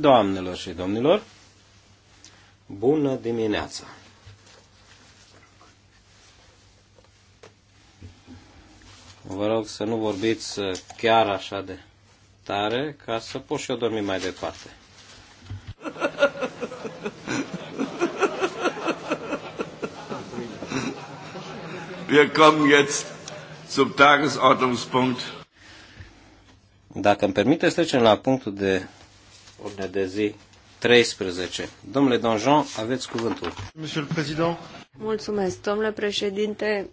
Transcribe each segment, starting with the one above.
Doamnelor și domnilor, bună dimineața! Vă rog să nu vorbiți chiar așa de tare, ca să pot și eu dormi mai departe. Wir kommen jetzt zum Tagesordnungspunkt. Dacă îmi permite, trecem la punctul de ordine de zi 13. Domnule Donjon, aveți cuvântul. Monsieur le Président. Mulțumesc, domnule președinte.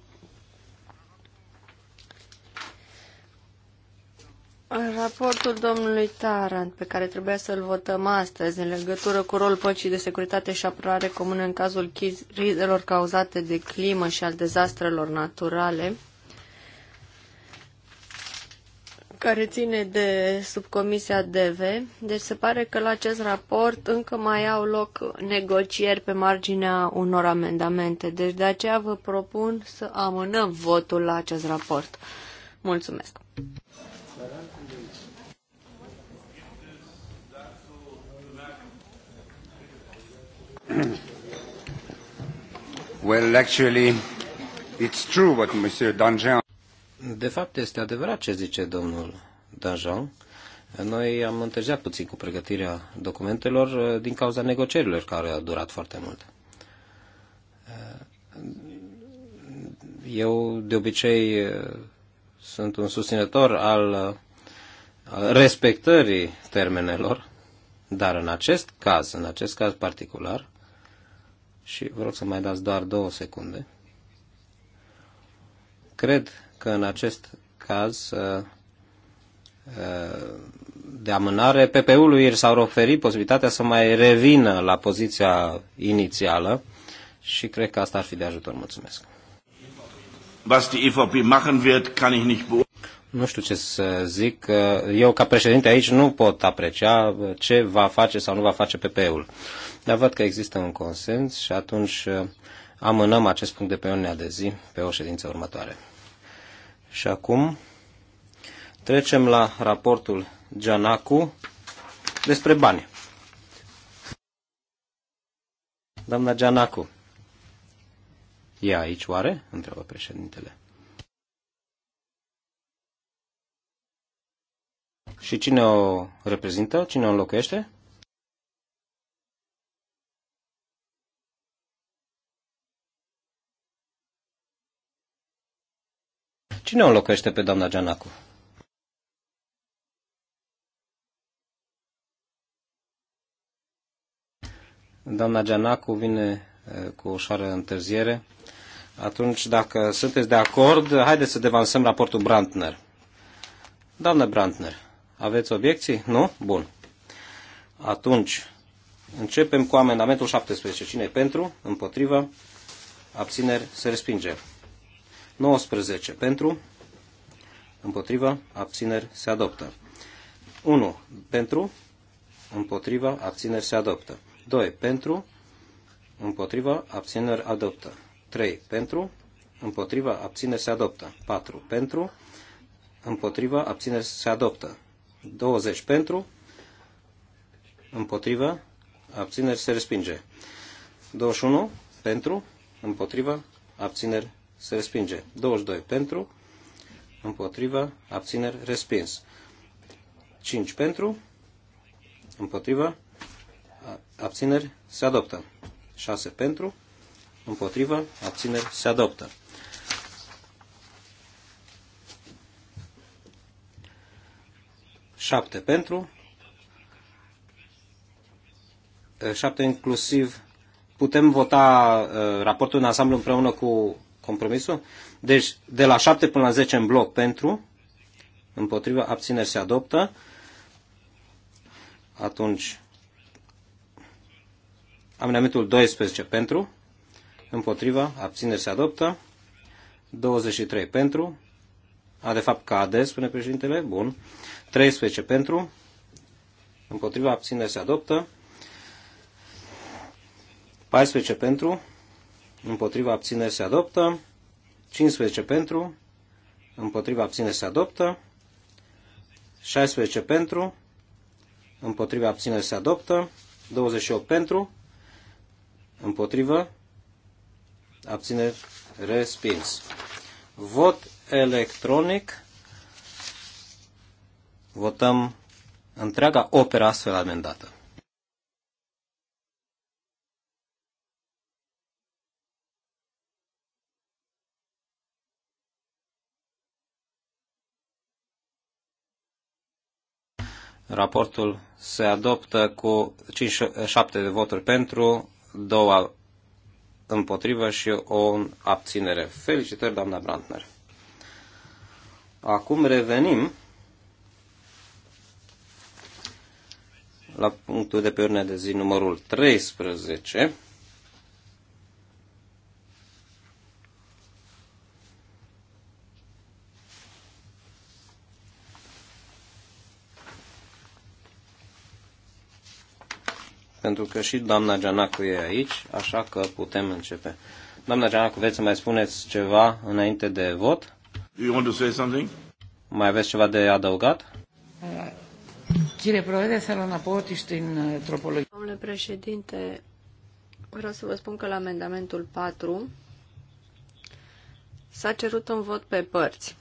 Raportul domnului Tarant, pe care trebuia să-l votăm astăzi, în legătură cu rolul păcii de securitate și apărare comună în cazul crizelor cauzate de climă și al dezastrelor naturale, care ține de subcomisia DV. Deci se pare că la acest raport încă mai au loc negocieri pe marginea unor amendamente. Deci de aceea vă propun să amânăm votul la acest raport. Mulțumesc! Well, actually, it's true what Mr. Danjean de fapt, este adevărat ce zice domnul Danjean. Noi am întârziat puțin cu pregătirea documentelor uh, din cauza negocierilor care au durat foarte mult. Uh, eu, de obicei, uh, sunt un susținător al respectării termenelor, dar în acest caz, în acest caz particular, și vă rog să mai dați doar două secunde, cred că în acest caz uh, uh, de amânare, PP-ului i s-ar oferi posibilitatea să mai revină la poziția inițială și cred că asta ar fi de ajutor. Mulțumesc. Was die EVP machen wird, kann ich nicht nu știu ce să zic. Uh, eu, ca președinte aici, nu pot aprecia ce va face sau nu va face PP-ul. Dar văd că există un consens și atunci amânăm acest punct de pe ordinea de zi pe o ședință următoare. Și acum trecem la raportul Gianacu despre bani. Doamna Gianacu, e aici oare? Întreabă președintele. Și cine o reprezintă? Cine o înlocuiește? Cine o înlocuiește pe doamna Gianacu? Doamna Gianacu vine cu o ușoară întârziere. Atunci, dacă sunteți de acord, haideți să devansăm raportul Brandner. Doamna Brandner, aveți obiecții? Nu? Bun. Atunci, începem cu amendamentul 17. Cine e pentru? Împotrivă? Abțineri? Se respinge. 19 pentru, împotriva, abțineri, se adoptă. 1 pentru, împotriva, abțineri, se adoptă. 2 pentru, împotriva, abțineri, adoptă. 3 pentru, împotriva, abțineri, se adoptă. 4 pentru, împotriva, abțineri, se adoptă. 20 pentru, împotriva, abțineri, se respinge. 21 pentru, împotriva, abțineri, se respinge. 22 pentru, împotrivă, abțineri, respins. 5 pentru, împotrivă, abțineri, se adoptă. 6 pentru, împotrivă, abțineri, se adoptă. Șapte pentru, șapte inclusiv, putem vota raportul în ansamblu împreună cu compromisul? Deci, de la 7 până la 10 în bloc pentru, împotriva, abțineri se adoptă. Atunci, amendamentul 12 pentru, împotriva, abțineri se adoptă. 23 pentru, a de fapt cade, spune președintele, bun. 13 pentru, împotriva, abțineri se adoptă. 14 pentru, împotriva abțineri se adoptă, 15 pentru, împotriva abțineri se adoptă, 16 pentru, împotriva abțineri se adoptă, 28 pentru, împotriva abțineri respins. Vot electronic. Votăm întreaga opera astfel amendată. Raportul se adoptă cu 5-7 de voturi pentru, 2 împotrivă și o abținere. Felicitări, doamna Brandner! Acum revenim la punctul de pe urne de zi numărul 13, pentru că și doamna Gianacu e aici, așa că putem începe. Doamna Gianacu, vreți să mai spuneți ceva înainte de vot? You want to say something? Mai aveți ceva de adăugat? Uh, Domnule președinte, vreau să vă spun că la amendamentul 4 s-a cerut un vot pe părți.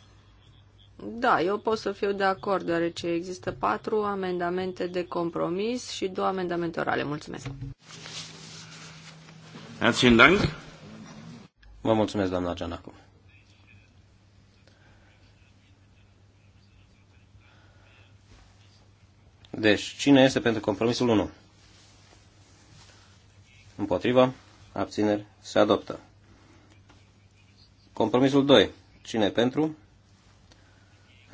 Da, eu pot să fiu de acord, deoarece există patru amendamente de compromis și două amendamente orale. Mulțumesc. Dank. Vă mulțumesc, doamna Gianacu. Deci, cine este pentru compromisul 1? Împotriva, abțineri, se adoptă. Compromisul 2. Cine pentru?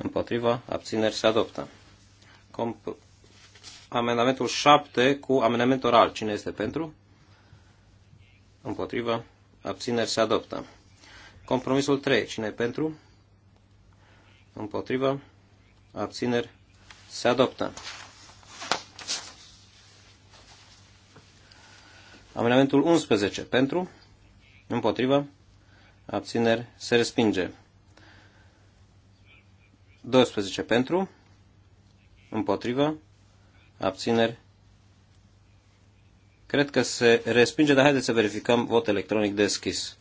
Împotriva, abțineri se adoptă. Comp- amendamentul 7 cu amendament oral. Cine este pentru? Împotriva, abțineri se adoptă. Compromisul 3. Cine e pentru? Împotriva, abțineri se adoptă. Amendamentul 11. Pentru? Împotriva, abțineri se respinge. 12 pentru, împotrivă, abțineri. Cred că se respinge, dar haideți să verificăm vot electronic deschis.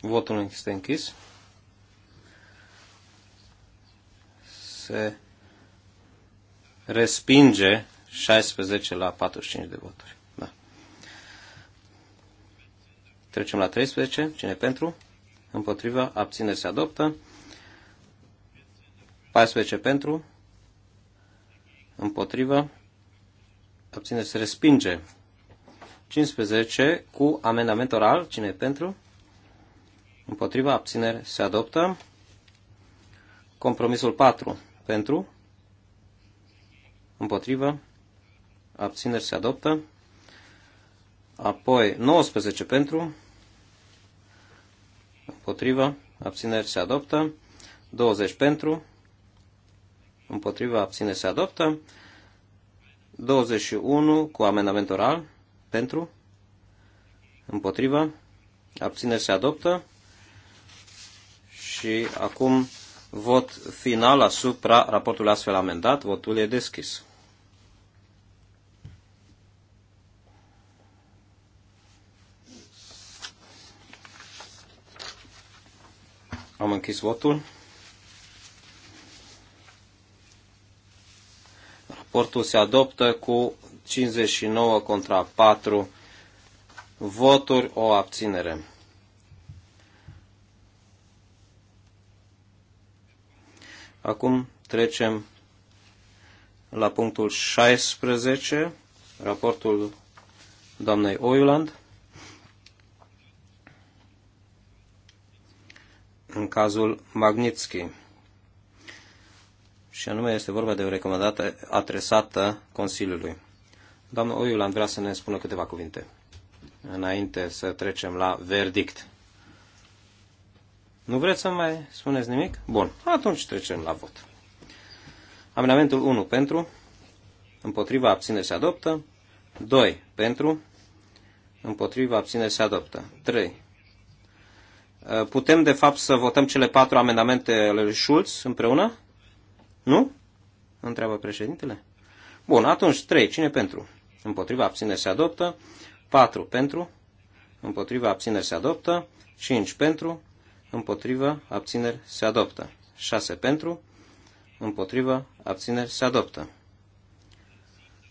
Votul este închis. Se respinge 16 la 45 de voturi. Da. Trecem la 13. Cine pentru? Împotriva. Abține se adoptă. 14 pentru. Împotriva. Abține se respinge. 15 cu amendament oral. Cine pentru? Împotriva. Abțineri se adoptă. Compromisul 4 pentru împotrivă, abțineri se adoptă. Apoi 19 pentru, împotrivă, abțineri se adoptă. 20 pentru, împotrivă, abțineri se adoptă. 21 cu amendament oral, pentru, împotrivă, abțineri se adoptă. Și acum vot final asupra raportului astfel amendat. Votul e deschis. Am închis votul. Raportul se adoptă cu 59 contra 4 voturi, o abținere. Acum trecem la punctul 16, raportul doamnei Oiuland. în cazul Magnitsky. Și anume este vorba de o recomandată adresată Consiliului. Doamna Oiuland vrea să ne spună câteva cuvinte înainte să trecem la verdict. Nu vreți să mai spuneți nimic? Bun, atunci trecem la vot. Amendamentul 1 pentru, împotriva abține se adoptă, 2 pentru, împotriva abține se adoptă, 3 Uh, putem de fapt să votăm cele patru amendamente ale lui Schulz împreună? Nu? Întreabă președintele. Bun, atunci trei Cine pentru? Împotriva abțineri se adoptă. Patru pentru. Împotriva abțineri se adoptă. Cinci pentru. Împotriva abțineri se adoptă. 6 pentru. Împotriva abțineri se adoptă.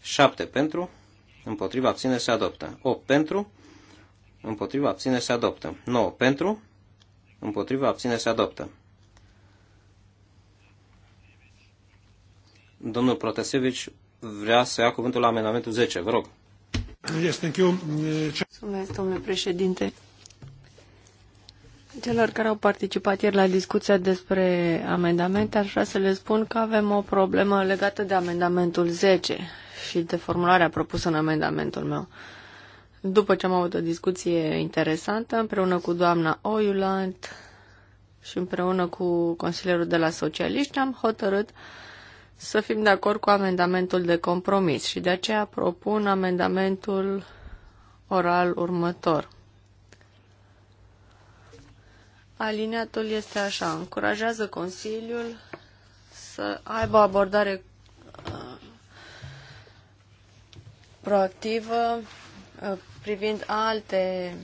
7 pentru. Împotriva abțineri se adoptă. 8 pentru. Împotriva abțineri se adoptă. 9 pentru împotriva, abține se adoptă. Domnul Protasevici vrea să ia cuvântul la amendamentul 10. Vă rog. Yes, thank you. Mulțumesc, domnule președinte. Celor care au participat ieri la discuția despre amendamente, aș vrea să le spun că avem o problemă legată de amendamentul 10 și de formularea propusă în amendamentul meu. După ce am avut o discuție interesantă împreună cu doamna Oiuland și împreună cu consilierul de la socialiști, am hotărât să fim de acord cu amendamentul de compromis și de aceea propun amendamentul oral următor. Aliniatul este așa, încurajează Consiliul să aibă o abordare uh, proactivă Uh, privind alte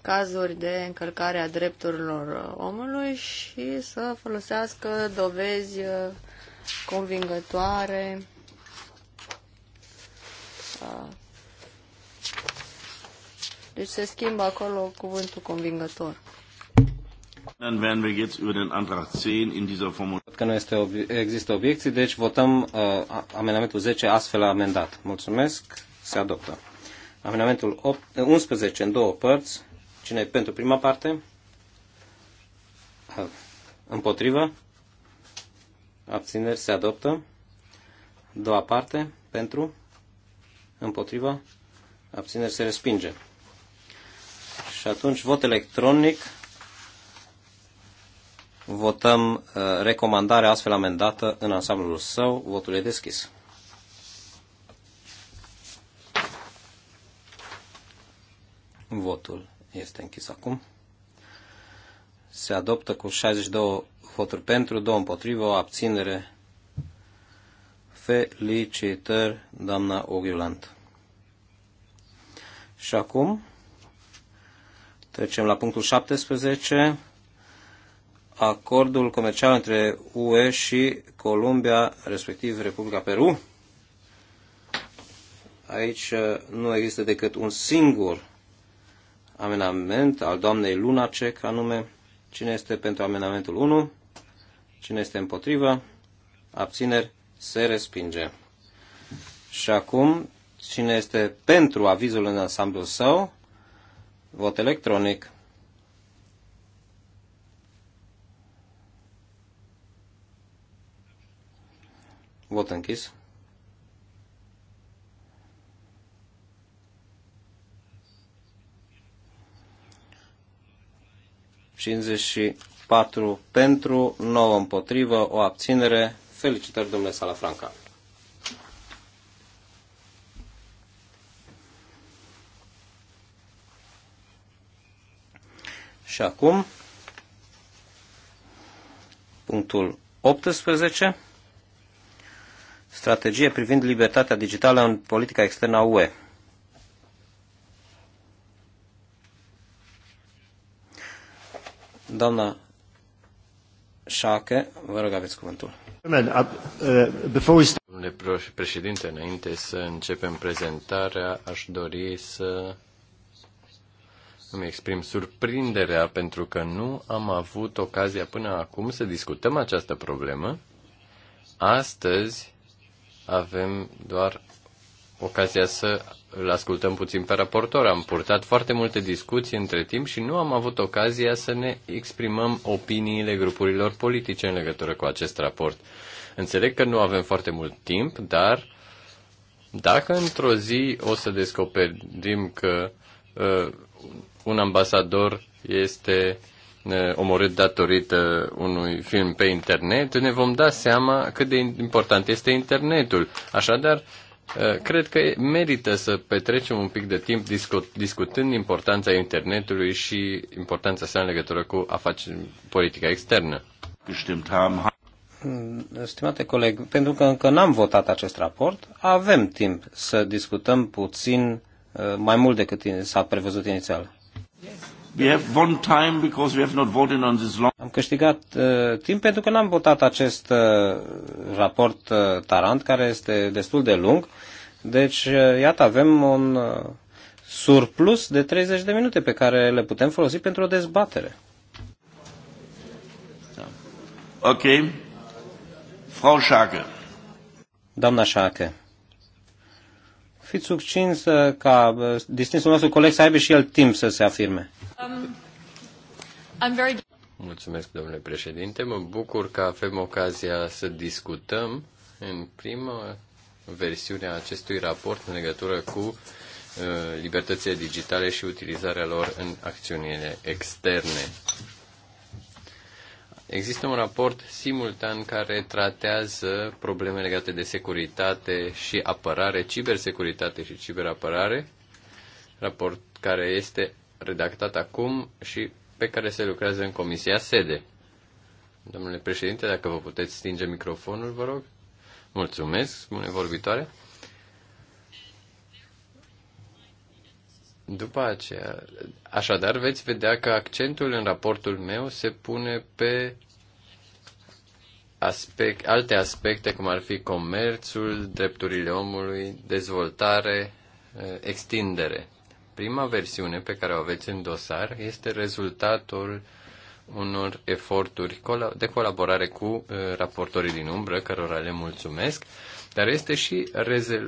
cazuri de încălcare a drepturilor uh, omului și să folosească dovezi uh, convingătoare deci se schimbă acolo cuvântul convingător. Dann werden wir jetzt über den Antrag 10 in dieser Formulierung. Că nu este ob- există obiecții, deci votăm uh, amendamentul 10 astfel amendat. Mulțumesc, se adoptă. Amendamentul 8, 11 eh, în două părți. Cine e pentru prima parte? Ah, împotrivă? Abțineri se adoptă. Doua parte, pentru, împotrivă, abțineri se respinge. Și atunci vot electronic, votăm uh, recomandarea astfel amendată în ansamblul său, votul e deschis. Votul este închis acum. Se adoptă cu 62 voturi pentru, 2 împotrivă, o abținere. Felicitări, doamna Oghiulant. Și acum trecem la punctul 17. Acordul comercial între UE și Columbia, respectiv Republica Peru. Aici uh, nu există decât un singur amenament al doamnei Lunacek, anume cine este pentru amenamentul 1, cine este împotrivă, abțineri, se respinge. Și acum, cine este pentru avizul în ansamblul său, vot electronic. Vot închis. 54 pentru, 9 împotrivă, o abținere. Felicitări, domnule Salafranca. Și acum, punctul 18, strategie privind libertatea digitală în politica externă a UE. Doamna Șache, vă rog aveți cuvântul. Uh, Domnule președinte, înainte să începem prezentarea, aș dori să îmi exprim surprinderea pentru că nu am avut ocazia până acum să discutăm această problemă. Astăzi avem doar ocazia să îl ascultăm puțin pe raportor. Am purtat foarte multe discuții între timp și nu am avut ocazia să ne exprimăm opiniile grupurilor politice în legătură cu acest raport. Înțeleg că nu avem foarte mult timp, dar dacă într-o zi o să descoperim că uh, un ambasador este uh, omorât datorită unui film pe internet, ne vom da seama cât de important este internetul. Așadar, Eh, cred că merită să petrecem un pic de timp discutând importanța internetului și importanța sa în legătură cu afaceri, politica externă. Mm, stimate coleg, pentru că încă n-am votat acest raport, avem timp să discutăm puțin eh, mai mult decât s-a prevăzut inițial. Yes. We have time because we have not voted on this long. Am câștigat uh, timp pentru că n-am votat acest uh, raport uh, Tarant, care este destul de lung. Deci, uh, iată, avem un uh, surplus de 30 de minute pe care le putem folosi pentru o dezbatere. Da. Ok. Frau Schake. Doamna Schake fiți succinți ca uh, distinsul nostru coleg să aibă și el timp să se afirme. Um, very... Mulțumesc, domnule președinte. Mă bucur că avem ocazia să discutăm în prima versiune a acestui raport în legătură cu uh, libertățile digitale și utilizarea lor în acțiunile externe. Există un raport simultan care tratează probleme legate de securitate și apărare, cibersecuritate și ciberapărare, raport care este redactat acum și pe care se lucrează în Comisia Sede. Domnule președinte, dacă vă puteți stinge microfonul, vă rog. Mulțumesc, spune vorbitoare. După aceea, așadar veți vedea că accentul în raportul meu se pune pe aspect, alte aspecte, cum ar fi comerțul, drepturile omului, dezvoltare, eh, extindere. Prima versiune pe care o aveți în dosar este rezultatul unor eforturi de colaborare cu eh, raportorii din umbră, cărora le mulțumesc, dar este și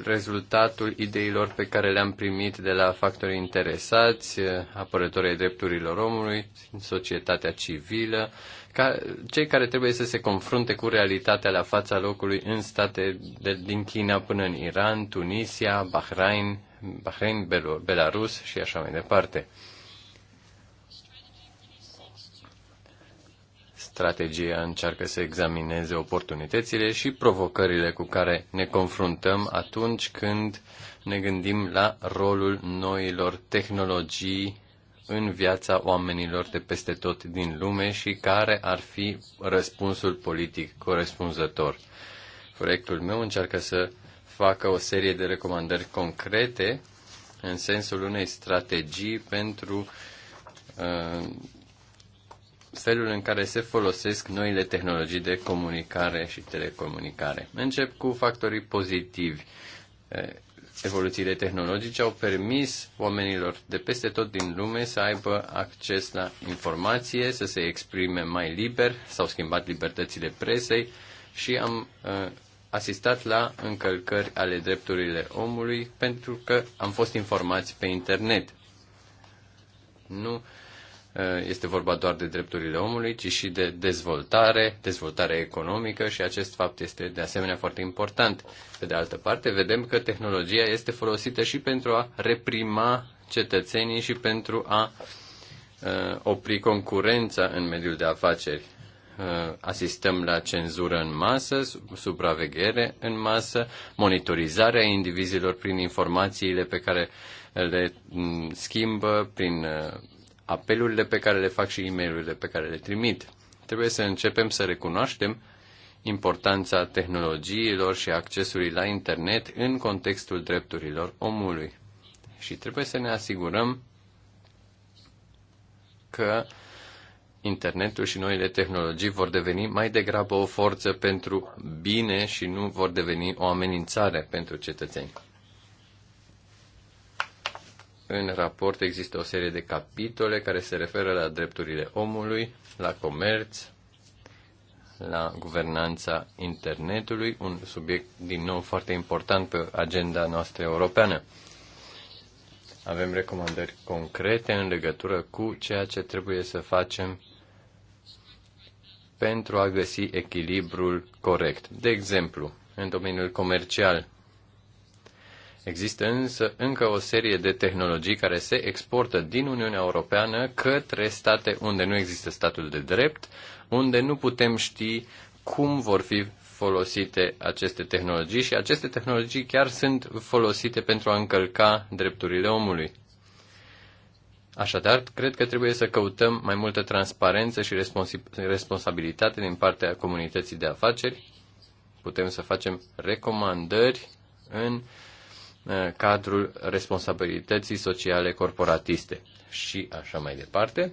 rezultatul ideilor pe care le-am primit de la factorii interesați, apărătorii drepturilor omului, societatea civilă, ca, cei care trebuie să se confrunte cu realitatea la fața locului în state de, din China până în Iran, Tunisia, Bahrain, Bahrain, Belarus și așa mai departe. strategia încearcă să examineze oportunitățile și provocările cu care ne confruntăm atunci când ne gândim la rolul noilor tehnologii în viața oamenilor de peste tot din lume și care ar fi răspunsul politic corespunzător. Proiectul meu încearcă să facă o serie de recomandări concrete în sensul unei strategii pentru uh, felul în care se folosesc noile tehnologii de comunicare și telecomunicare. Încep cu factorii pozitivi. Evoluțiile tehnologice au permis oamenilor de peste tot din lume să aibă acces la informație, să se exprime mai liber, s-au schimbat libertățile presei și am uh, asistat la încălcări ale drepturile omului pentru că am fost informați pe internet. Nu uh, Eh, este vorba doar de drepturile omului, ci și de dezvoltare, dezvoltare economică și acest fapt este de asemenea foarte important. Pe de altă parte, vedem că tehnologia este folosită și pentru a reprima cetățenii și pentru a eh, opri concurența în mediul de afaceri. Eh, asistăm la cenzură în masă, supraveghere în masă, monitorizarea indivizilor prin informațiile pe care le mm, schimbă, prin apelurile pe care le fac și e pe care le trimit. Trebuie să începem să recunoaștem importanța tehnologiilor și accesului la internet în contextul drepturilor omului. Și trebuie să ne asigurăm că internetul și noile tehnologii vor deveni mai degrabă o forță pentru bine și nu vor deveni o amenințare pentru cetățeni. În raport există o serie de capitole care se referă la drepturile omului, la comerț, la guvernanța internetului, un subiect din nou foarte important pe agenda noastră europeană. Avem recomandări concrete în legătură cu ceea ce trebuie să facem pentru a găsi echilibrul corect. De exemplu, în domeniul comercial, Există însă încă o serie de tehnologii care se exportă din Uniunea Europeană către state unde nu există statul de drept, unde nu putem ști cum vor fi folosite aceste tehnologii și aceste tehnologii chiar sunt folosite pentru a încălca drepturile omului. Așadar, cred că trebuie să căutăm mai multă transparență și responsabilitate din partea comunității de afaceri. Putem să facem recomandări în uh, Uh, cadrul responsabilității sociale corporatiste și așa mai departe.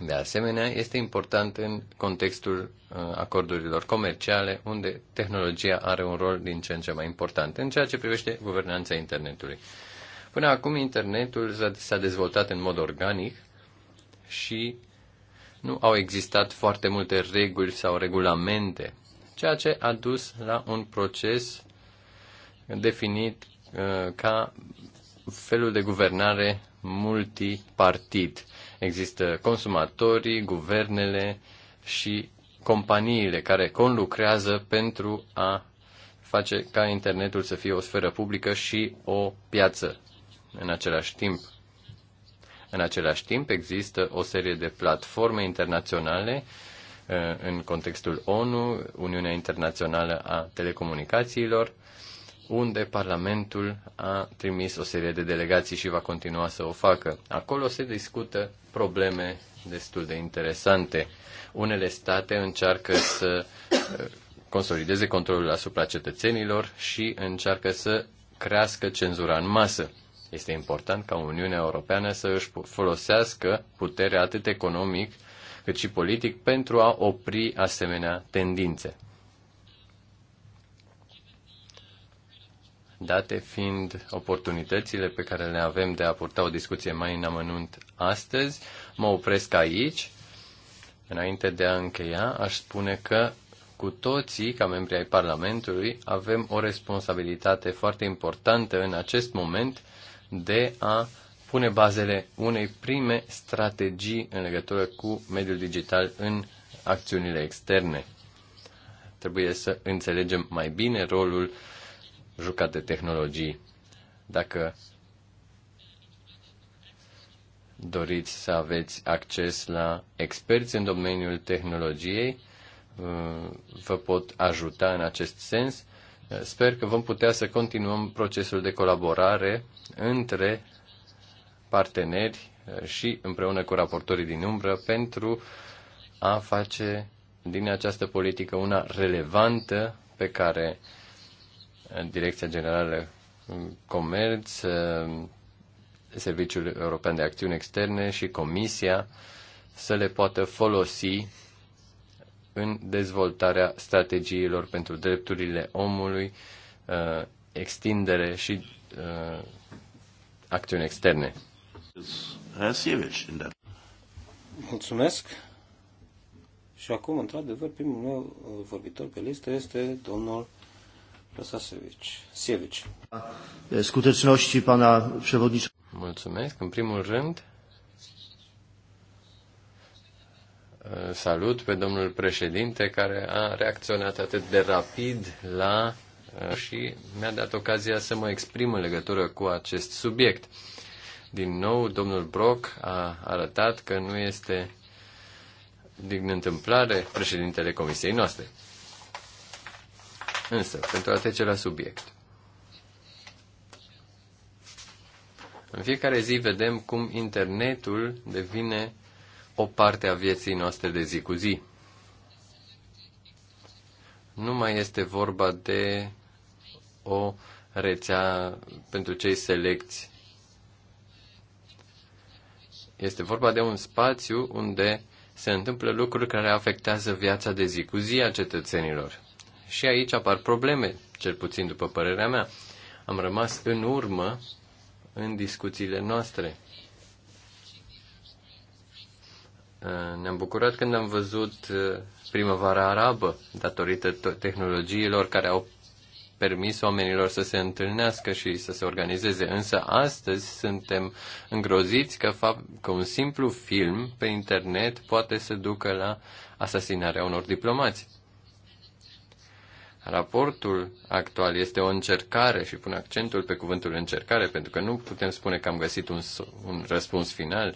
De asemenea, este important în contextul uh, acordurilor comerciale, unde tehnologia are un rol din ce în ce mai important în ceea ce privește guvernanța internetului. Până acum, internetul s-a dezvoltat în mod organic și nu au existat foarte multe reguli sau regulamente, ceea ce a dus la un proces definit uh, ca felul de guvernare multipartid. Există consumatorii, guvernele și companiile care conlucrează pentru a face ca internetul să fie o sferă publică și o piață în același timp. În același timp există o serie de platforme internaționale uh, în contextul ONU, Uniunea Internațională a Telecomunicațiilor, unde Parlamentul a trimis o serie de delegații și va continua să o facă. Acolo se discută probleme destul de interesante. Unele state încearcă să eh, consolideze controlul asupra cetățenilor și încearcă să crească cenzura în masă. Este important ca Uniunea Europeană să își folosească puterea atât economic cât și politic pentru a opri asemenea tendințe. date fiind oportunitățile pe care le avem de a purta o discuție mai în amănunt astăzi, mă opresc aici. Înainte de a încheia, aș spune că cu toții, ca membri ai Parlamentului, avem o responsabilitate foarte importantă în acest moment de a pune bazele unei prime strategii în legătură cu mediul digital în acțiunile externe. Trebuie să înțelegem mai bine rolul jucat de tehnologii. Dacă doriți să aveți acces la experți în domeniul tehnologiei, uh, vă pot ajuta în acest sens. Uh, sper că vom putea să continuăm procesul de colaborare între parteneri uh, și împreună cu raportorii din umbră pentru a face din această politică una relevantă pe care Direcția Generală Comerț, Serviciul European de Acțiuni Externe și Comisia să le poată folosi în dezvoltarea strategiilor pentru drepturile omului, uh, extindere și uh, acțiuni externe. Mulțumesc. Și acum, într-adevăr, primul meu vorbitor pe listă este domnul Protasevici, Skuteczności pana przewodniczącego. Mulțumesc. În primul rând, salut pe domnul președinte care a reacționat atât de rapid la și mi-a dat ocazia să mă exprim în legătură cu acest subiect. Din nou, domnul Brock a arătat că nu este din întâmplare președintele comisiei noastre. Însă, pentru a trece la subiect. În fiecare zi vedem cum internetul devine o parte a vieții noastre de zi cu zi. Nu mai este vorba de o rețea pentru cei selecți. Este vorba de un spațiu unde se întâmplă lucruri care afectează viața de zi cu zi a cetățenilor. Și aici apar probleme, cel puțin după părerea mea. Am rămas în urmă în discuțiile noastre. Uh, ne-am bucurat când am văzut uh, primăvara arabă, datorită tehnologiilor care au permis oamenilor să se întâlnească și să se organizeze. Însă astăzi suntem îngroziți că, fapt, că un simplu film pe internet poate să ducă la asasinarea unor diplomați. Raportul actual este o încercare și pun accentul pe cuvântul încercare, pentru că nu putem spune că am găsit un, un răspuns final.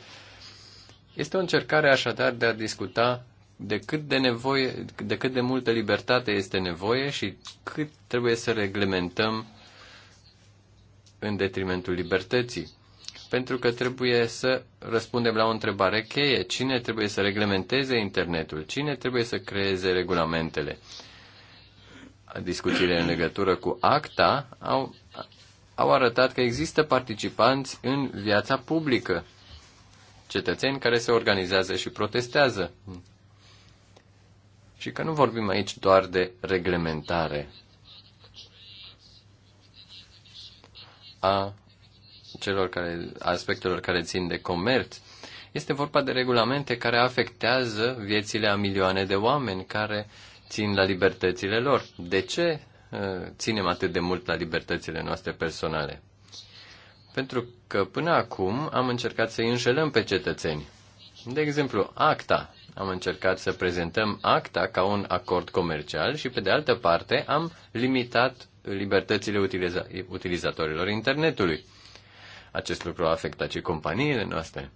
Este o încercare așadar de a discuta de cât de, nevoie, de cât de multă libertate este nevoie și cât trebuie să reglementăm în detrimentul libertății. Pentru că trebuie să răspundem la o întrebare cheie. Cine trebuie să reglementeze internetul? Cine trebuie să creeze regulamentele? discuțiile în legătură cu acta au, au arătat că există participanți în viața publică, cetățeni care se organizează și protestează. Și că nu vorbim aici doar de reglementare. A celor care, aspectelor care țin de comerț. Este vorba de regulamente care afectează viețile a milioane de oameni care uh, țin la libertățile lor. De ce uh, ținem atât de mult la libertățile noastre personale? Pentru că până acum am încercat să-i înșelăm pe cetățeni. De exemplu, acta. Am încercat să prezentăm acta ca un acord comercial și, pe de altă parte, am limitat libertățile utiliza- utilizatorilor internetului. Acest lucru a afectat și companiile noastre.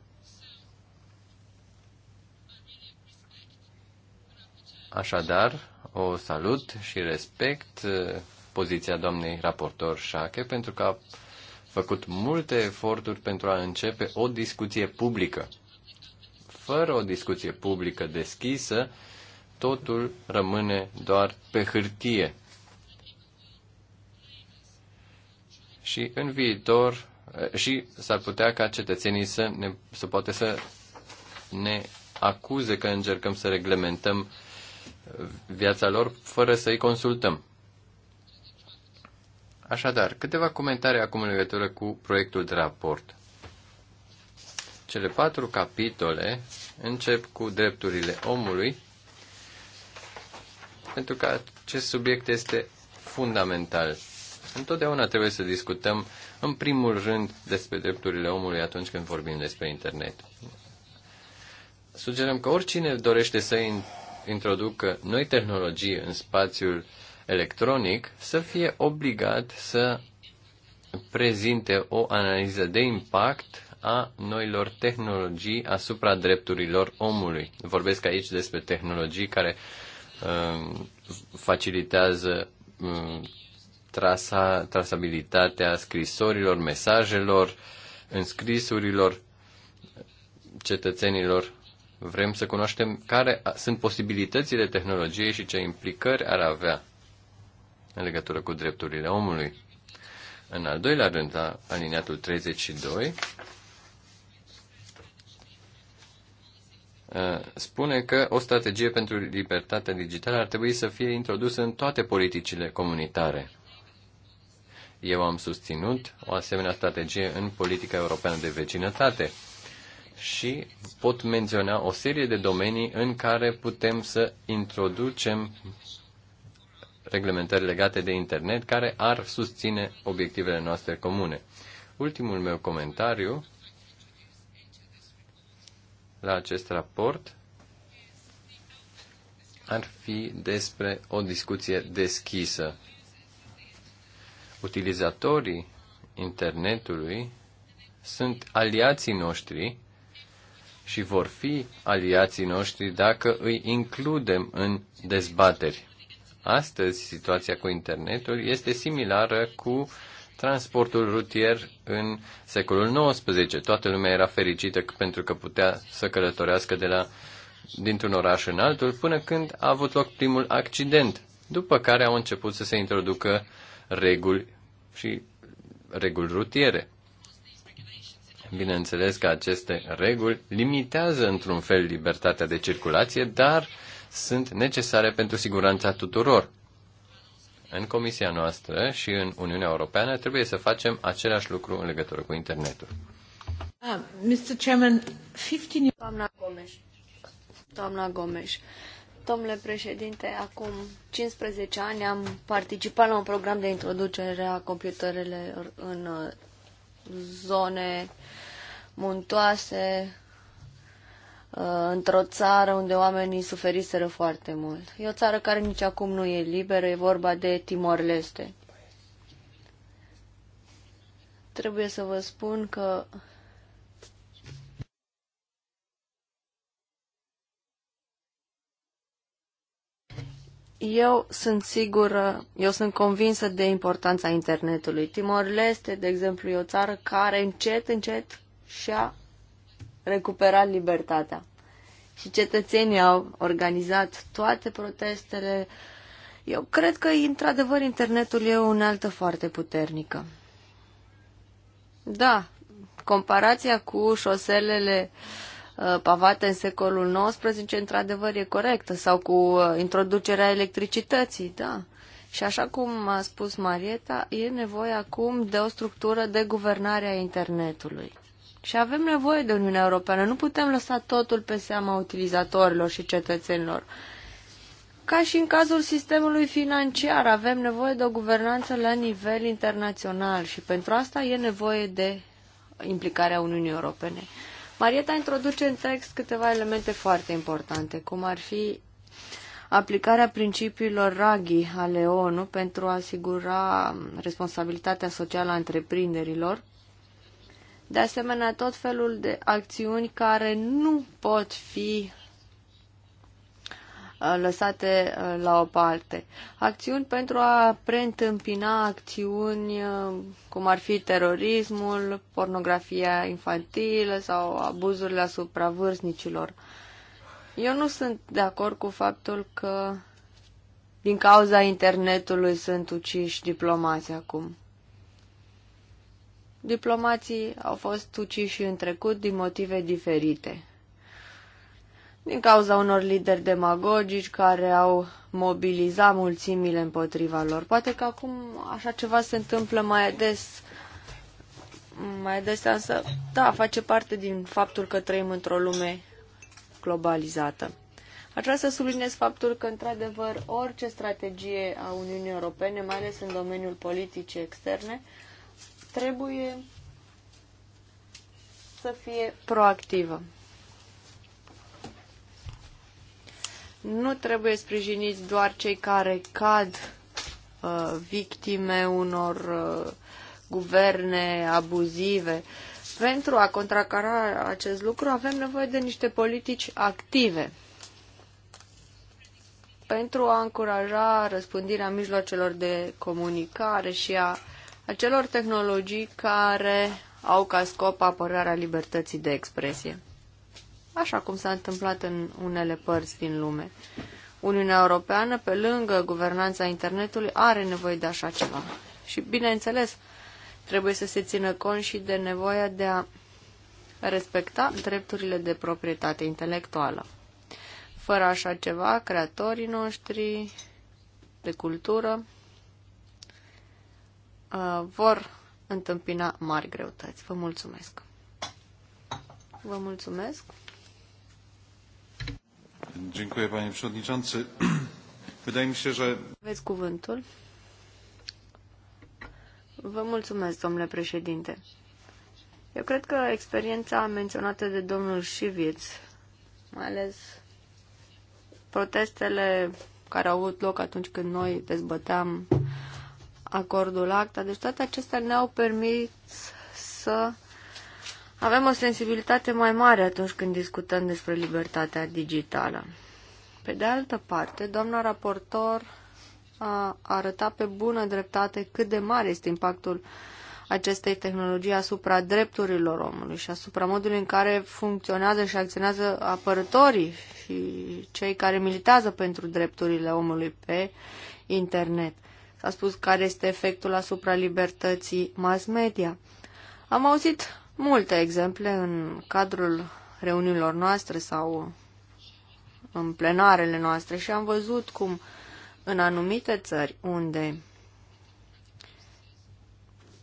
Așadar, o salut și respect uh, poziția doamnei raportor Șache pentru că a făcut multe eforturi pentru a începe o discuție publică. Fără o discuție publică deschisă, totul rămâne doar pe hârtie. Și în viitor, uh, și s-ar putea ca cetățenii să, ne, să poate să ne acuze că încercăm să reglementăm viața lor fără să îi consultăm. Așadar, câteva comentarii acum în legătură cu proiectul de raport. Cele patru capitole încep cu drepturile omului, pentru că acest subiect este fundamental. Întotdeauna trebuie să discutăm, în primul rând, despre drepturile omului atunci când vorbim despre internet. Sugerăm că oricine dorește să introducă noi tehnologii în spațiul electronic să fie obligat să prezinte o analiză de impact a noilor tehnologii asupra drepturilor omului. Vorbesc aici despre tehnologii care uh, facilitează uh, trasa, trasabilitatea scrisorilor, mesajelor, înscrisurilor cetățenilor Vrem să cunoaștem care sunt posibilitățile tehnologiei și ce implicări ar avea în legătură cu drepturile omului. În al doilea rând, la aliniatul 32, ă, spune că o strategie pentru libertatea digitală ar trebui să fie introdusă în toate politicile comunitare. Eu am susținut o asemenea strategie în politica europeană de vecinătate și pot menționa o serie de domenii în care putem să introducem reglementări legate de internet care ar susține obiectivele noastre comune. Ultimul meu comentariu la acest raport ar fi despre o discuție deschisă. Utilizatorii internetului sunt aliații noștri și vor fi aliații noștri dacă îi includem în dezbateri. Astăzi, situația cu internetul este similară cu transportul rutier în secolul XIX. Toată lumea era fericită pentru că putea să călătorească de la, dintr-un oraș în altul până când a avut loc primul accident, după care au început să se introducă reguli și reguli rutiere. Bineînțeles că aceste reguli limitează într-un fel libertatea de circulație, dar sunt necesare pentru siguranța tuturor. În comisia noastră și în Uniunea Europeană trebuie să facem același lucru în legătură cu internetul. Uh, ah, Mr. Chairman, 15... Doamna Gomes. Doamna Gomes. Domnule președinte, acum 15 ani am participat la un program de introducere a computerelor în uh, zone muntoase, uh, într-o țară unde oamenii suferiseră foarte mult. E o țară care nici acum nu e liberă, e vorba de Timor-Leste. Trebuie să vă spun că Eu sunt sigură, eu sunt convinsă de importanța internetului. Timor-Leste, de exemplu, e o țară care încet, încet și-a recuperat libertatea. Și cetățenii au organizat toate protestele. Eu cred că, într-adevăr, internetul e o unealtă foarte puternică. Da, comparația cu șoselele uh, Uh, pavate în secolul XIX, într-adevăr, e corectă, sau cu uh, introducerea electricității, da. Și așa cum a spus Marieta, e nevoie acum de o structură de guvernare a internetului. Și avem nevoie de Uniunea Europeană. Nu putem lăsa totul pe seama utilizatorilor și cetățenilor. Ca și în cazul sistemului financiar, avem nevoie de o guvernanță la nivel internațional și pentru asta e nevoie de implicarea Uniunii Europene. Marieta introduce în text câteva elemente foarte importante, cum ar fi aplicarea principiilor RAGI ale ONU pentru a asigura responsabilitatea socială a întreprinderilor, de asemenea tot felul de acțiuni care nu pot fi Uh, lăsate uh, la o parte. Acțiuni pentru a preîntâmpina acțiuni uh, cum ar fi terorismul, pornografia infantilă sau abuzurile asupra vârstnicilor. Eu nu sunt de acord cu faptul că din cauza internetului sunt uciși diplomații acum. Diplomații au fost uciși în trecut din motive diferite din cauza unor lideri demagogici care au mobilizat mulțimile împotriva lor. Poate că acum așa ceva se întâmplă mai des, mai des, însă, da, face parte din faptul că trăim într-o lume globalizată. Aș vrea să subliniez faptul că, într-adevăr, orice strategie a Uniunii Europene, mai ales în domeniul politicii externe, trebuie să fie proactivă. Nu trebuie sprijiniți doar cei care cad uh, victime unor uh, guverne abuzive. Pentru a contracara acest lucru avem nevoie de niște politici active pentru a încuraja răspândirea mijloacelor de comunicare și a acelor tehnologii care au ca scop apărarea libertății de expresie așa cum s-a întâmplat în unele părți din lume. Uniunea Europeană, pe lângă guvernanța internetului, are nevoie de așa ceva. Și, bineînțeles, trebuie să se țină cont și de nevoia de a respecta drepturile de proprietate intelectuală. Fără așa ceva, creatorii noștri de cultură uh, vor întâmpina mari greutăți. Vă mulțumesc! Vă mulțumesc! Dziękuję, panie przewodniczący. Wydaje mi się, że... Aveți cuvântul. Vă mulțumesc, domnule președinte. Eu cred că experiența menționată de domnul Șiviț, mai ales protestele care au avut loc atunci când noi dezbăteam acordul ACTA, deci toate acestea ne-au permis să avem o sensibilitate mai mare atunci când discutăm despre libertatea digitală. Pe de altă parte, doamna raportor a arătat pe bună dreptate cât de mare este impactul acestei tehnologii asupra drepturilor omului și asupra modului în care funcționează și acționează apărătorii și cei care militează pentru drepturile omului pe internet. S-a spus care este efectul asupra libertății mass media. Am auzit multe exemple în cadrul reuniunilor noastre sau în plenarele noastre și am văzut cum în anumite țări unde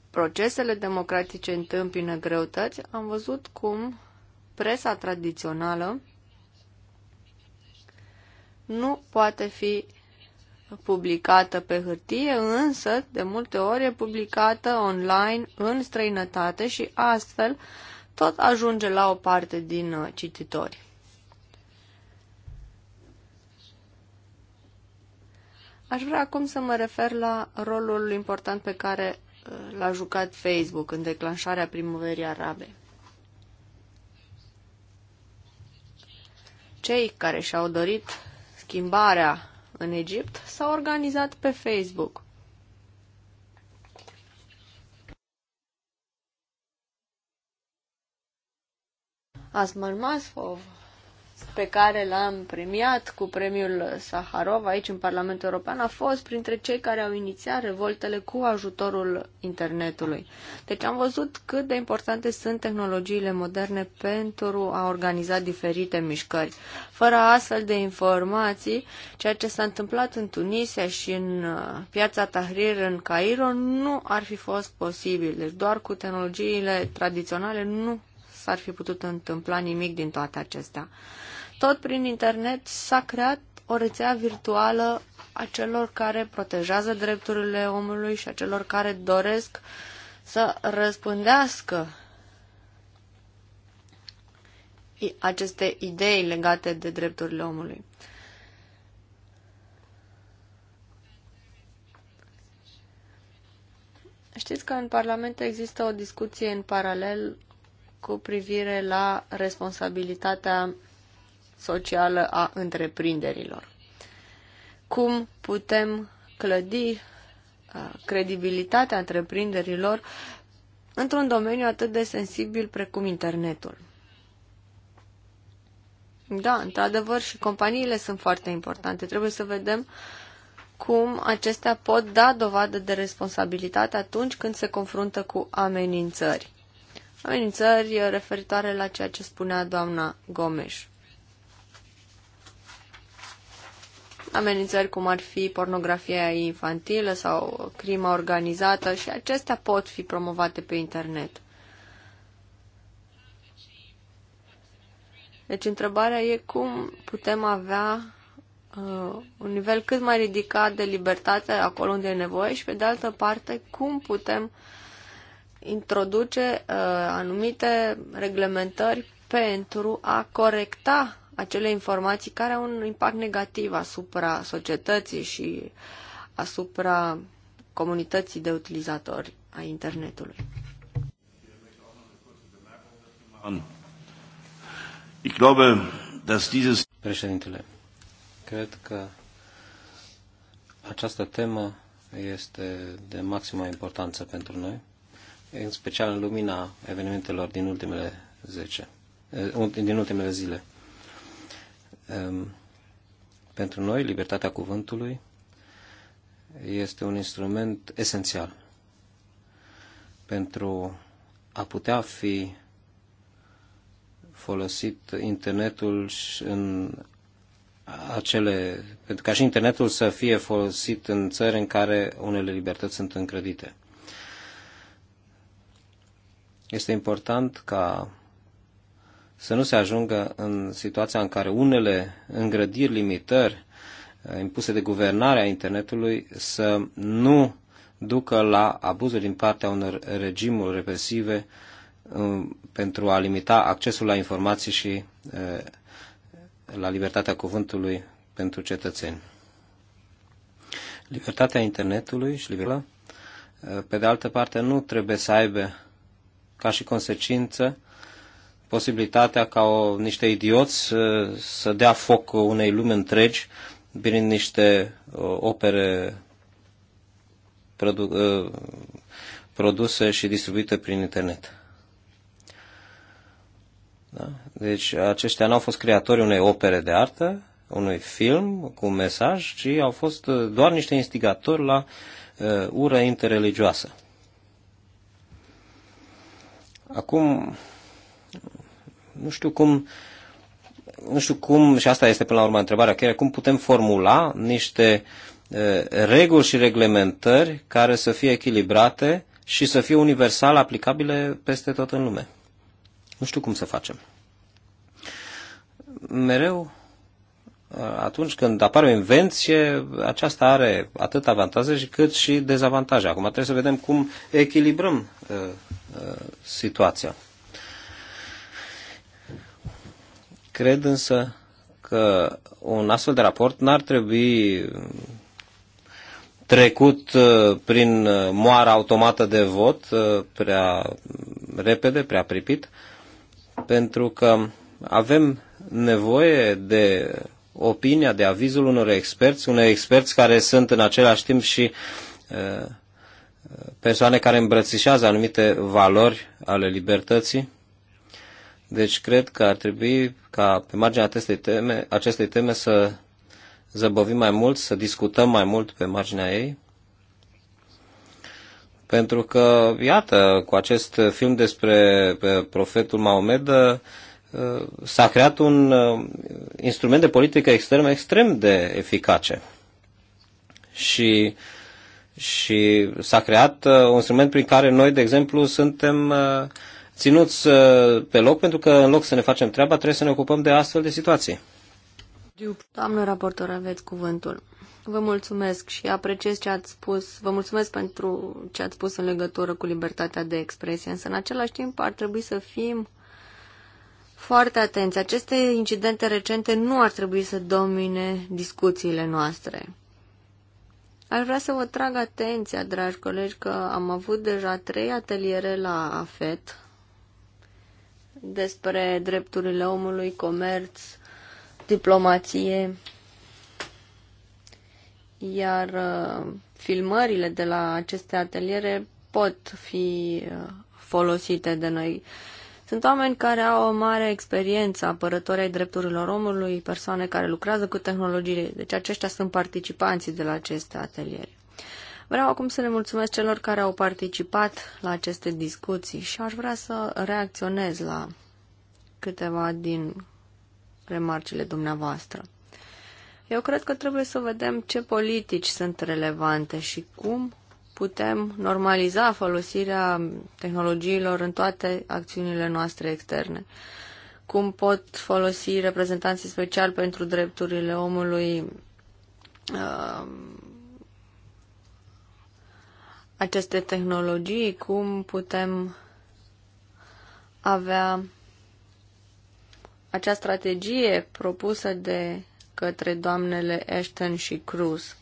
procesele democratice întâmpină greutăți, am văzut cum presa tradițională nu poate fi publicată pe hârtie, însă de multe ori e publicată online în străinătate și astfel tot ajunge la o parte din uh, cititori. Aș vrea acum să mă refer la rolul important pe care uh, l-a jucat Facebook în declanșarea primăverii arabe. Cei care și-au dorit schimbarea în Egipt s-a organizat pe Facebook. Asmar Masfov pe care l-am premiat cu premiul Saharov aici în Parlamentul European a fost printre cei care au inițiat revoltele cu ajutorul internetului. Deci am văzut cât de importante sunt tehnologiile moderne pentru a organiza diferite mișcări. Fără astfel de informații, ceea ce s-a întâmplat în Tunisia și în uh, piața Tahrir în Cairo nu ar fi fost posibil. Deci doar cu tehnologiile tradiționale nu s-ar fi putut întâmpla nimic din toate acestea. Tot prin internet s-a creat o rețea virtuală a celor care protejează drepturile omului și a celor care doresc să răspândească aceste idei legate de drepturile omului. Știți că în Parlament există o discuție în paralel cu privire la responsabilitatea socială a întreprinderilor. Cum putem clădi uh, credibilitatea întreprinderilor într-un domeniu atât de sensibil precum internetul. Da, într-adevăr, și companiile sunt foarte importante. Trebuie să vedem cum acestea pot da dovadă de responsabilitate atunci când se confruntă cu amenințări amenințări referitoare la ceea ce spunea doamna Gomes. Amenințări cum ar fi pornografia infantilă sau crima organizată și acestea pot fi promovate pe internet. Deci întrebarea e cum putem avea uh, un nivel cât mai ridicat de libertate acolo unde e nevoie și pe de altă parte cum putem uh, introduce uh, anumite reglementări pentru a corecta acele informații care au un impact negativ asupra societății și asupra comunității de utilizatori a internetului. Președintele, cred că această temă este de maximă importanță pentru noi în special în lumina evenimentelor din ultimele, 10, eh, din ultimele zile. Ehm, pentru noi, libertatea cuvântului este un instrument esențial pentru a putea fi folosit internetul în acele, pentru ca și internetul să fie folosit în țări în care unele libertăți sunt încredite. Este important ca să nu se ajungă în situația în care unele îngrădiri, limitări eh, impuse de guvernare a internetului să nu ducă la abuzuri din partea unor regimuri represive eh, pentru a limita accesul la informații și eh, la libertatea cuvântului pentru cetățeni. Libertatea internetului și libertatea, pe de altă parte, nu trebuie să aibă ca și consecință posibilitatea ca o, niște idioți uh, să dea foc unei lumi întregi prin niște uh, opere produ- uh, produse și distribuite prin internet. Da? Deci aceștia nu au fost creatori unei opere de artă, unui film cu un mesaj, ci au fost doar niște instigatori la uh, ură interreligioasă. Acum, nu știu cum, nu știu cum, și asta este până la urmă întrebarea chiar, cum putem formula niște reguli și reglementări care să fie echilibrate și să fie universal aplicabile peste tot în lume. Nu știu cum să facem. Mereu, atunci când apare o invenție, aceasta are atât avantaje cât și dezavantaje. Acum trebuie să vedem cum echilibrăm situația. Cred însă că un astfel de raport n-ar trebui trecut uh, prin uh, moara automată de vot uh, prea repede, prea pripit, pentru că avem nevoie de opinia, de avizul unor experți, unor experți care sunt în același timp și uh, persoane care îmbrățișează anumite valori ale libertății. Deci cred că ar trebui ca pe marginea acestei teme, acestei teme să zăbovim mai mult, să discutăm mai mult pe marginea ei. Pentru că, iată, cu acest film despre profetul Maomed uh, s-a creat un uh, instrument de politică externă extrem de eficace. Și uh, și s-a creat uh, un instrument prin care noi, de exemplu, suntem uh, ținuți uh, pe loc, pentru că în loc să ne facem treaba, trebuie să ne ocupăm de astfel de situații. Doamnă raportor, aveți cuvântul. Vă mulțumesc și apreciez ce ați spus. Vă mulțumesc pentru ce ați spus în legătură cu libertatea de expresie, însă în același timp ar trebui să fim foarte atenți. Aceste incidente recente nu ar trebui să domine discuțiile noastre. Aș vrea să vă trag atenția, dragi colegi, că am avut deja trei ateliere la AFET despre drepturile omului, comerț, diplomație, iar uh, filmările de la aceste ateliere pot fi uh, folosite de noi. Sunt oameni care au o mare experiență apărători ai drepturilor omului, persoane care lucrează cu tehnologie, deci aceștia sunt participanții de la aceste ateliere. Vreau acum să le mulțumesc celor care au participat la aceste discuții și aș vrea să reacționez la câteva din remarcile dumneavoastră. Eu cred că trebuie să vedem ce politici sunt relevante și cum putem normaliza folosirea tehnologiilor în toate acțiunile noastre externe. Cum pot folosi reprezentanții special pentru drepturile omului uh, aceste tehnologii, cum putem avea acea strategie propusă de către doamnele Ashton și Cruz.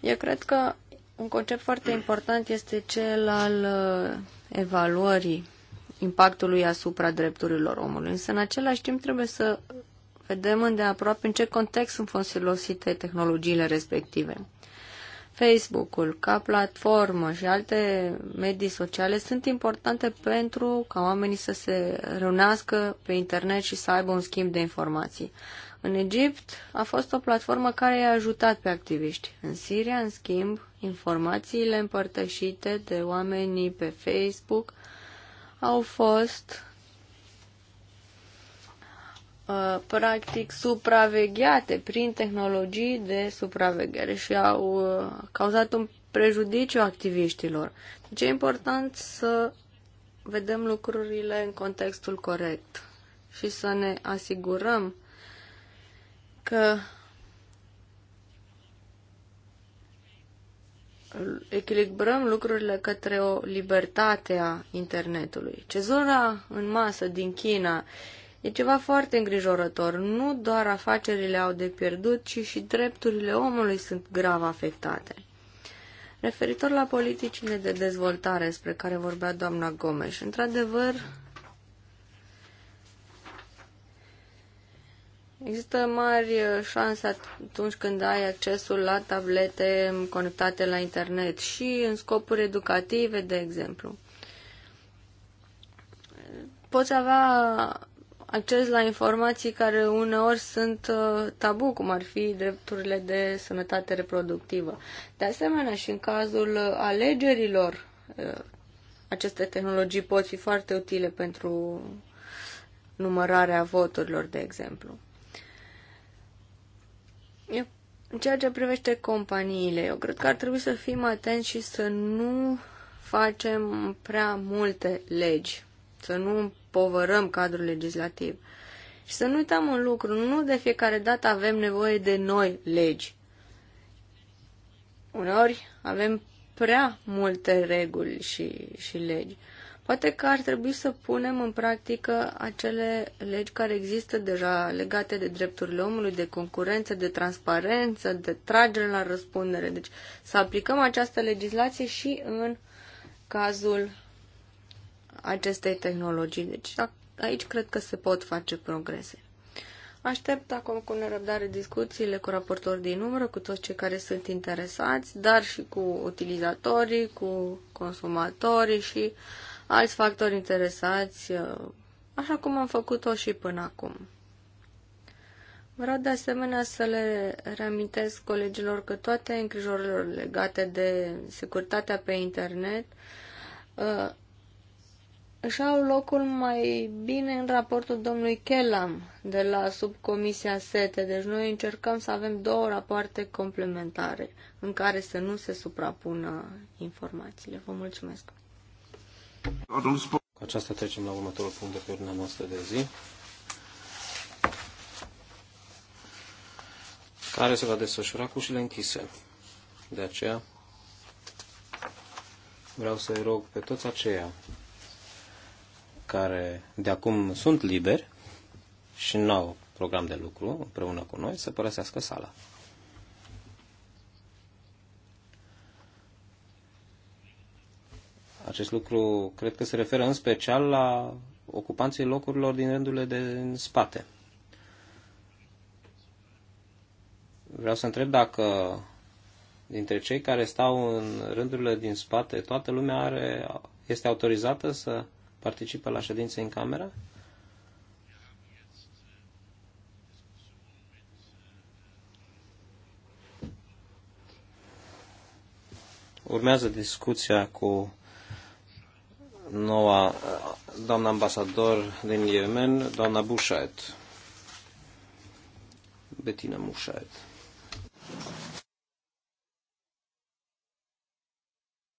Eu cred că un concept foarte important este cel al uh, evaluării impactului asupra drepturilor omului. Însă, în același timp, trebuie să vedem îndeaproape în ce context sunt folosite tehnologiile respective. Facebook-ul ca platformă și alte medii sociale sunt importante pentru ca oamenii să se reunească pe internet și să aibă un schimb de informații. În Egipt a fost o platformă care i-a ajutat pe activiști. În Siria, în schimb, informațiile împărtășite de oamenii pe Facebook au fost uh, practic supravegheate prin tehnologii de supraveghere și au uh, cauzat un prejudiciu activiștilor. Deci e important să vedem lucrurile în contextul corect și să ne asigurăm că echilibrăm lucrurile către o libertate a internetului. Cezura în masă din China e ceva foarte îngrijorător. Nu doar afacerile au de pierdut, ci și drepturile omului sunt grav afectate. Referitor la politicile de dezvoltare spre care vorbea doamna Gomes, într-adevăr, Există mari uh, șanse atunci când ai accesul la tablete conectate la internet și în scopuri educative, de exemplu. Poți avea acces la informații care uneori sunt uh, tabu, cum ar fi drepturile de sănătate reproductivă. De asemenea, și în cazul uh, alegerilor, aceste tehnologii pot fi foarte utile pentru numărarea voturilor, de exemplu. În ceea ce privește companiile, eu cred că ar trebui să fim atenți și să nu facem prea multe legi, să nu împovărăm cadrul legislativ. Și să nu uităm un lucru, nu de fiecare dată avem nevoie de noi legi. Uneori avem prea multe reguli și, și legi. Poate că ar trebui să punem în practică acele legi care există deja legate de drepturile omului, de concurență, de transparență, de tragere la răspundere. Deci să aplicăm această legislație și în cazul acestei tehnologii. Deci aici cred că se pot face progrese. Aștept acum cu nerăbdare discuțiile cu raportori din număr, cu toți cei care sunt interesați, dar și cu utilizatorii, cu consumatorii și uh, alți factori interesați, uh, așa cum am făcut-o și până acum. Vreau de asemenea să le reamintesc colegilor că toate îngrijorările legate de securitatea pe internet uh, își au locul mai bine în raportul domnului Kellam de la subcomisia SETE. Deci noi încercăm să avem două rapoarte complementare în care să nu se suprapună informațiile. Vă mulțumesc! Cu aceasta trecem la următorul punct de pe ordinea noastră de zi, care se va desfășura cu ușile închise. De aceea vreau să-i rog pe toți aceia care de acum sunt liberi și nu au program de lucru împreună cu noi să părăsească sala. Acest lucru cred că se referă în special la ocupanții locurilor din rândurile de în spate. Vreau să întreb dacă dintre cei care stau în rândurile din spate, toată lumea are, este autorizată să participe la ședințe în cameră? Urmează discuția cu noua eh, doamnă ambasador din Yemen, doamna Bushaet. Bettina Mushaet.